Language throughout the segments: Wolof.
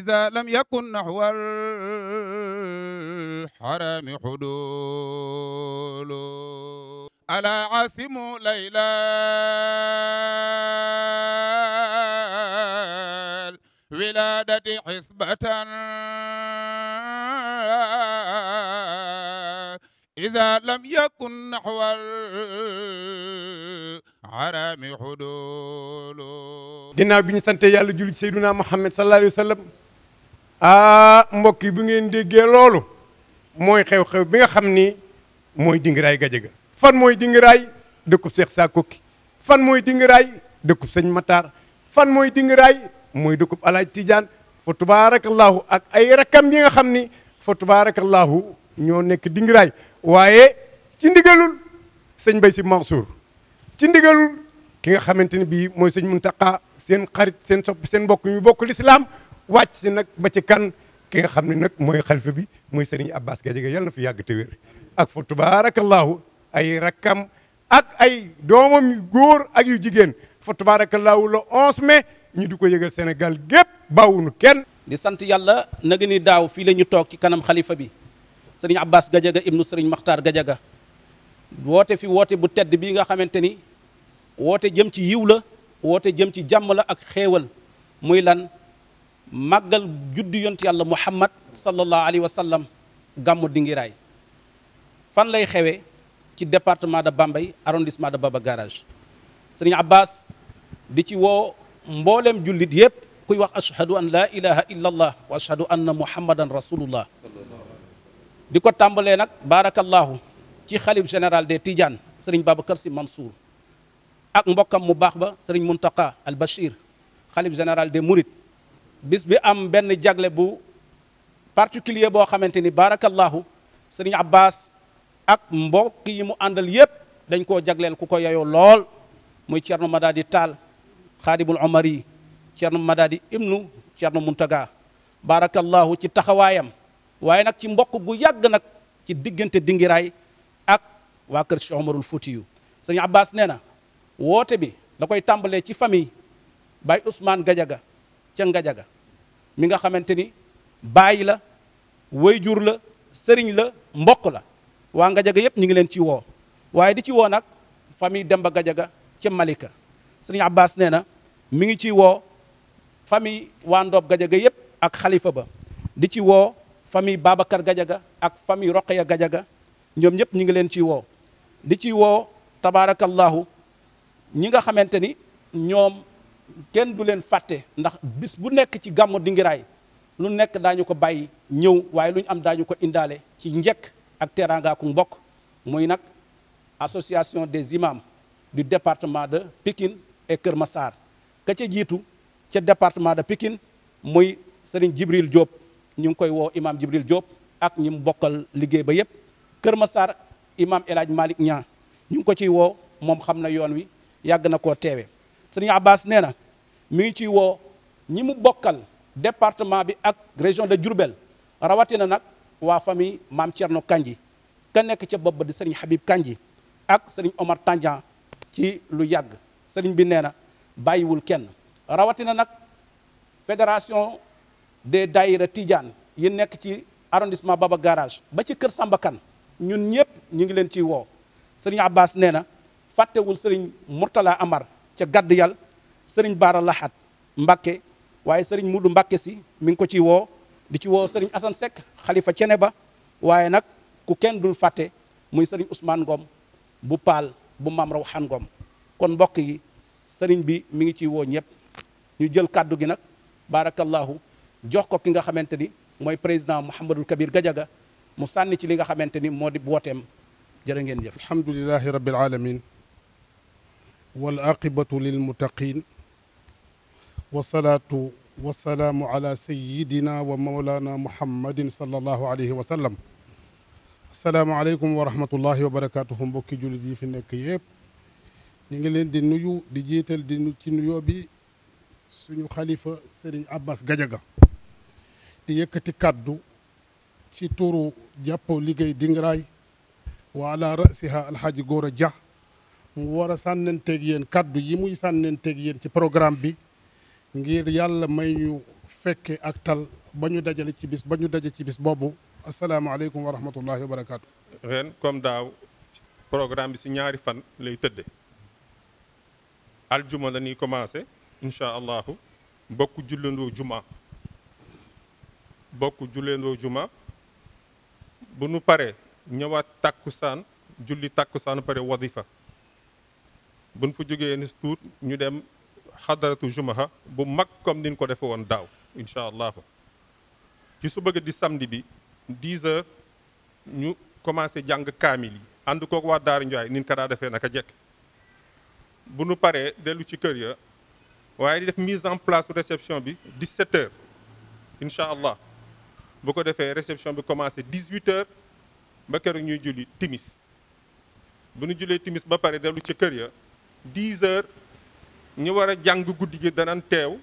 إذا لم يكن نحو الحرم حدول ألا عاصم ليلى الولادة حسبة إذا لم يكن نحو الحرم حدول ginnaaw bi ñu sante yàlla julli ci Seydunaa Muhammad sallallahu alayhi wa sallam ah mbokk yi bu ngeen déggee loolu mooy xew-xew bi nga xam ni mooy dingiraay Gadiaga fan mooy dingiraay dëkkub Seex Sakoki fan mooy dingiraay dëkkub sëñ Matar fan mooy dingiraay mooy dëkkub alaaj Tijaan fa tubaarakallaahu ak ay rakam yi nga xam ni fa tubaarakallaahu ñoo nekk dingiraay waaye ci ndigalul sëñ Bay Si Mansour ci ndigalul ki nga xamante ni bii mooy sëñ Muntaqa seen xarit seen sopp seen mbokk ñu bokk lislaam wàcc si nag ba ci kan ki nga xam ni nag mooy xalifa bi muy Serigne Abbas Gadiaga yàlla na fi yàgg te wér ak fa tubaarakallaahu ay rakkam ak ay doomam yu góor ak yu jigéen fa tubaarakallaahu le 11 mais ñu du ko yëgal Sénégal gépp bàwunu kenn di sant yàlla na daaw fii la ñu toog ci kanam xalifa bi Serigne Abbas Gadiaga ibnu Serigne Makhtar Gadiaga woote fi woote bu tedd bii nga xamante ni woote jëm ci yiw la woote jëm ci jàmm ak xéewal muy lan màggal juddu yont yàlla muhammad sallallahu alayhi wa sallam dingiraay fan lay xewee ci département de Bambey arrondissement de Baba Garage sëriñ Abbas di ci woo mboolem jullit yëpp kuy wax ashhadu an laa ilaha illa allah wa ashhadu anna muhammadan rasulullah di ko tàmbalee nag barakallahu ci xalif général des Tidiane sëriñ Babacar Sy Mansour ak mbokkam mu baax ba sëriñ Muntaqa al Bachir xalif général des Mourides bis bi am benn jagle bu particulier boo xamante ni barakallahu sëriñ Abbas ak mbokk yimu mu àndal yépp dañ koo jagleel ku ko yayoo lool muy Cerno Madadi Taal xaadimul omar yi Cerno Madadi ibnu Cerno Muntaga barakallahu ci taxawaayam waaye nag ci mbokk gu yàgg nag ci diggante dingiraay ak waa kër Cheikh Omarul Fuutiyu sëriñ Abbas nee na woote bi da koy tàmbalee ci famille Baye Ousmane gajaga ca Ngajaga mi nga xamante ni baay la wayjur la sëriñ la mbokk la waa Ngajaga yëpp ñu ngi leen ci woo waaye di ci woo nag famille Demba Gajaga ca Malika sëriñ Abbas nee na mi ngi ci woo famille waa Ndoob Gajaga yëpp ak xalifa ba di ci woo famille Babacar Gajaga ak famille Roqaya Gajaga ñoom ñëpp ñu ngi leen ciy woo di ci woo tabaarakallahu ñi nga xamante ni ñoom kenn du leen fàtte ndax bis bu nekk ci gàmmu Dingiraay lu nekk daañu ko bàyyi ñëw waaye lu am daañu ko indaale ci njëkk ak teraanga ku mbokk muy nag association des imams du département de Pikine e Kër Massar ka ca jiitu ca département de Pikine muy Serigne Jibril Diop ñu ngi koy woo imam Jibril Diop ak ñi mu bokkal liggéey ba yëpp Kër Massar imam El Hadj Malick Niang ñu ngi ko ciy woo moom xam na yoon wi yàgg na ko teewe sëriñ Abbas nee na mi ngi ciy woo ñi mu bokkal département bi ak région de Diourbel rawatina nag waa famille maam Thierno Kandji ka nekk ca bopp ba di sëriñ Habib Kandji ak sëriñ Omar Tandian ci lu yàgg sëriñ bi nee na bàyyiwul kenn rawatina nag fédération de daïra Tidiane yi nekk ci arrondissement Baba Garage ba ci kër Samba Kane ñun ñëpp ñu ngi leen ciy woo sëriñ Abbas nee na fàttewul sëriñ Mourtala Amar ca gàdd yàlla sëriñ Baara Laxaat Mbacke waaye sëriñ Mudu Mbacke si mi ngi ko ci woo di ci woo sëriñ Assane Seck xalifa cene ba waaye nag ku kenn dul fàtte muy sëriñ Ousmane Ngom bu Paal bu Mam Rawxaan Ngom kon mbokk yi sëriñ bi mi ngi ciy woo ñëpp ñu jël kaddu gi nag baarakallahu jox ko ki nga xamante ni mooy président Mouhamadul Kabir Gadiaga mu sànni ci li nga xamante ni moo di wooteem jërë ngeen jëf alhamdulilahi rabbil alamin والعاقبة للمتقين والصلاة والسلام على سيدنا ومولانا محمد صلى الله عليه وسلم asalaamaaleykum wa rahmatullahi wa barakaatuhu mbokki jullit yi fi nekk yëpp ñu ngi leen di nuyu di jiital di nu ci nuyoo bi suñu xalifa Serigne Abbas Gajaga di yëkkati kàddu ci turu jàppoo liggéey dingaraay wa ala rasiha alxaaji Góora Dia mu war a sànnanteeg yéen kàddu yi muy sànnanteeg yéen ci programme bi ngir yàlla may ñu fekke ak tal ba ñu dajale ci bis ba ñu daje ci bis boobu asalaamaaleykum wa rahmatullahi wa barakaatu. ren comme daaw programme bi si ñaari fan lay tëdde aljuma la ñuy commencé incha allahu bokk jullandoo juma bokk jullandoo juma bu nu pare ñëwaat takkusaan julli takkusaan pare wadifa buñ fa jógee ni tuut ñu dem xadaratu jumaha bu mag comme niñ ko defe woon daaw incha allahu ci su bëgg di samdi bi 10 heures ñu commencé jàng kaamil yi ànd kook waa daara Njaay nin ka daa defee naka jekk bu nu paree dellu ci kër ya waaye di def mise en place réception bi 17 heures incha allah bu ko defee réception bi commencé 18 heures ba keroog ñuy julli timis bu nu jullee timis ba pare dellu ci kër ya dix heures ñu war a jàng guddi gi danan teew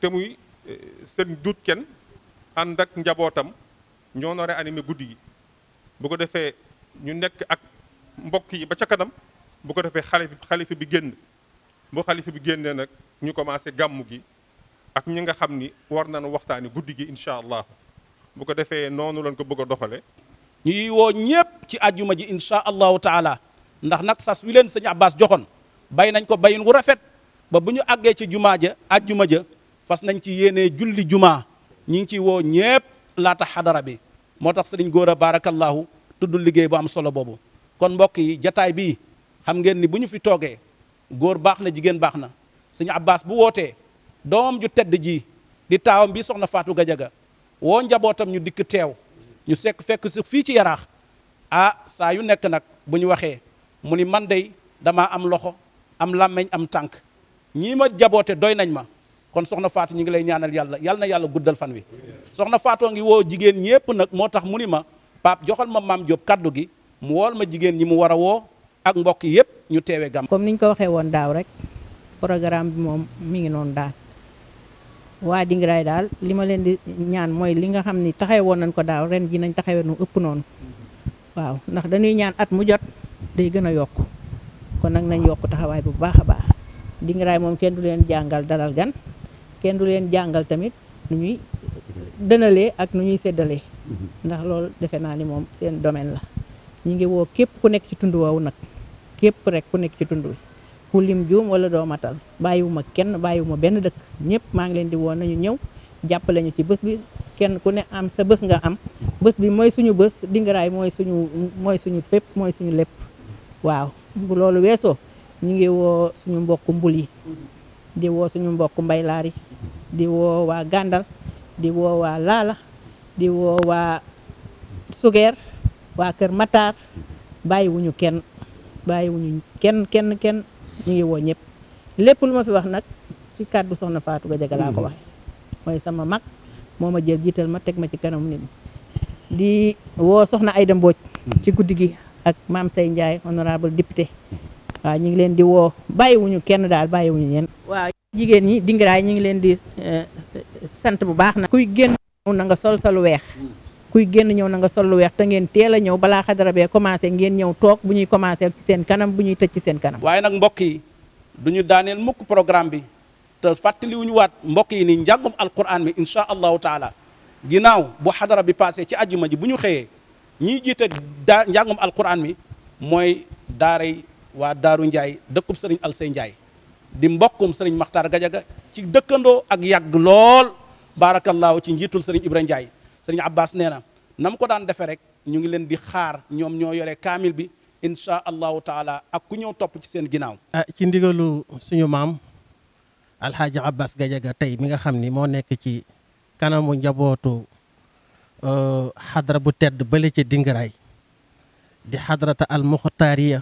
te muy eh, seen duut kenn ànd ak njabootam ñoo nooree animé guddi gi bu ko defee ñu nekk ak mbokk yi ba ca kanam bu ko defee xalifa xalifa bi génn bu xalifa bi génnee nag ñu commencé gàmmu gi ak ñi nga xam ni war nañu waxtaani guddi gi incha allah bu ko defee noonu lañ ko bëgg a doxale ñuy woo ñépp ci àjjuma ji incha allahu taala ndax nag sas wi leen sëñ Abbas joxoon bay nañ ko bayin wu rafet ba bu ñu àggee ci jumaa ja juma ja fas nañ ci yéenee julli jumaa ñi ngi ciy woo ñépp laata xadara bi moo tax sëriñ góor a barakallahu tudd liggéey bu am solo boobu kon yi jataay bii xam ngeen ni bu ñu fi toogee góor baax na jigéen baax na sëñ abbas bu wootee doom ju tedd ji di taawam bi soxna Fatou Gadiaga woo njabootam ñu dikk teew ñu sekk fekk si fii ci yaraax ah saa yu nekk nag bu ñu waxee mu ni man dey dama am loxo am làmmeñ am tànk ñii ma jaboote doy nañ ma kon soxna faatu ñu ngi lay ñaanal yàlla yàlla na yàlla guddal fan wi soxna faatoo ngi woo jigéen ñépp nag moo tax mu ni ma paap joxal ma maam Diop kaddu gi mu wool ma jigéen ñi mu war a woo ak mbokk yépp ñu teewe gam comme niñ ko waxee woon daaw rek programme bi moom mi ngi noonu daal waa Dingiraay daal li ma leen di ñaan mooy li nga xam ni taxawe woon nañ ko daaw ren ji nañ taxawee nu ëpp noonu waaw ndax dañuy ñaan at mu jot day gën a yokk kon nag nañ yokk taxawaay bu baax a baax dingiraay moom kenn du leen jàngal dalal gan kenn du leen jàngal tamit nu ñuy dënale ak nu ñuy seddalee mm-hmm. ndax loolu defe naa ni moom seen domaine la ñu ngi woo képp ku nekk ci tund woowu nag képp rek ku nekk ci tund wi ku lim juum wala doo matal bàyyiwuma kenn bàyyiwuma benn dëkk ñëpp maa ngi leen di woo nañu ñëw jàppale ñu ci bës bi kenn ku nekk am sa bës nga am bës bi mooy suñu bés dingaraay mooy suñu mooy suñu fépp mooy suñu lépp bu loolu weesoo ñu ngi woo suñu mbokku mbul yi di woo suñu mbokku mbaylaar yi di woo waa gàndal di woo waa laala di woo waa sugeer waa kër mataar bàyyiwuñu kenn bàyyiwuñu kenn kenn kenn ñu ngi woo ñëpp lépp lu ma fi wax nag ci kàddu soxna Fatou Gadiaga laa ko mm-hmm. waxe mooy sama mag moo ma jël jiital ma teg ma ci kanam nit di woo soxna Aïda Mbodj mm-hmm. ci guddi gi ak Mame sey Ndiaye honorable député waaw ñu ngi leen di woo bàyyiwuñu kenn daal bàyyiwuñu ñenn. waa jigéen ñi dingiraay ñu ngi leen di eh, sant bu baax na kuy génn ñëw na nga sol sa lu weex kuy génn ñëw na nga sol lu weex te ngeen teel a ñëw balaa xadara bee commencé ngeen ñëw toog bu ñuy commencé ci seen kanam bu ñuy tëj ci seen kanam. waaye nag mbokk yi du ñu daaneel mukk programme bi te fàttaliwuñu waat mbokk yi ni njàngum alquran mi incha allahu taala ginnaaw bu xadara bi passé ci ajjuma ji bu ñu xëyee. ñiy jiite daa njàngum alquran mi mooy daaray waa daaru Ndiaye dëkkub sëriñ Alsey Ndiaye di mbokkum sëriñ Makhtar Gajaga ci dëkkandoo ak yàgg lool baarakallaahu ci njiitul sëriñ Ibra Ndiaye sëriñ Abbas nee na na ko daan defee rek ñu ngi leen di xaar ñoom ñoo yore kaamil bi incha allahu taala ak ku ñëw topp ci seen ginnaaw. Ah, ci ndigalu suñu maam Alhaji Abbas Gajaga tey mi nga xam ni moo nekk ci kanamu njabootu. Euh, xadra bu tedd bale ca dingaraay di xadrata al muxtaariya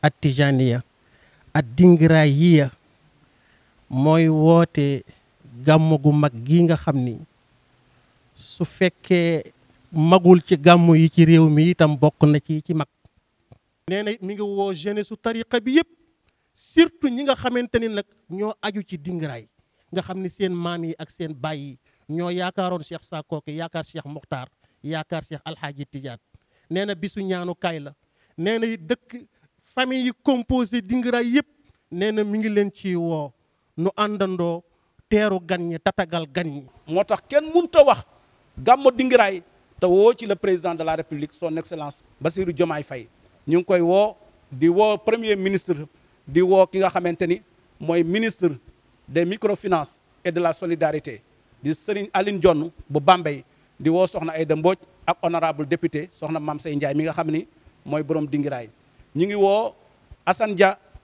at tijaniya at dingaraay yiya mooy woote gàmmu gu mag gi nga xam ni su fekkee magul ci gàmmu yi ci réew mi itam bokk na ci ci mag nee na mi ngi woo jeunesse su tariqa bi yëpp surtout ñi nga xamante ni nag ñoo aju ci dingaraay nga xam ni seen maam yi ak seen baay yi ñoo yaakaaroon Cheikh Sakkoke yaakaar Cheikh Mokhtar yaakaar Cheikh Alhaji Tidiane nee na bisu ñaanu kaay la nee na dëkk famille yi composé dingiraay yëpp nee na mi ngi leen ci woo nu àndandoo teeru gan ñi tatagal gan ñi. moo tax kenn mënut a wax gàmmu dingiraay te woo ci la président de la république son excellence Bassirou Diomaye fay ñu ngi koy woo di woo premier ministre di woo ki nga xamante ni mooy ministre des microfinance et de la solidarité. di sëriñ Aline Dione bu Bambey di woo soxna ay Aïda mbooj ak honorable député soxna Mame Say Ndiaye mi xam ni mooy borom dingiraay ñu ngi woo Assane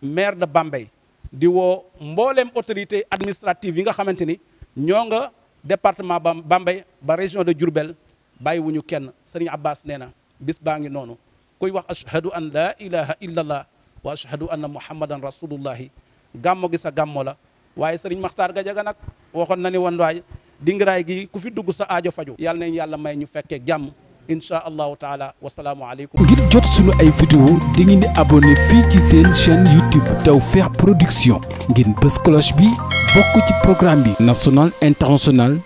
maire de Bambey di woo mbooleem autorité administrative yi nga xamante ni ñoo nga département ba Bambey ba région de Diourbel bàyyiwuñu kenn sëriñ Abbas nee na bis baa ngi noonu kuy wax ashhadu an laa ilaha illa allah wa ashhadu anna muhammadan rasulullahi gàmmo gi sa la waaye sëriñ Maxtaar Gajaga nag waxoon dingaraay gi ku fi dugg sa aajo faju yàlla nañ yàlla may ñu fekkee jàmm incha allahu taala wasalaamu aleykum ngir jot suñu ay vidéo di ngeen di abonné fii ci seen chaîne YouTube Tawfekh Production ngir bës cloche bi bokk ci programme bi national international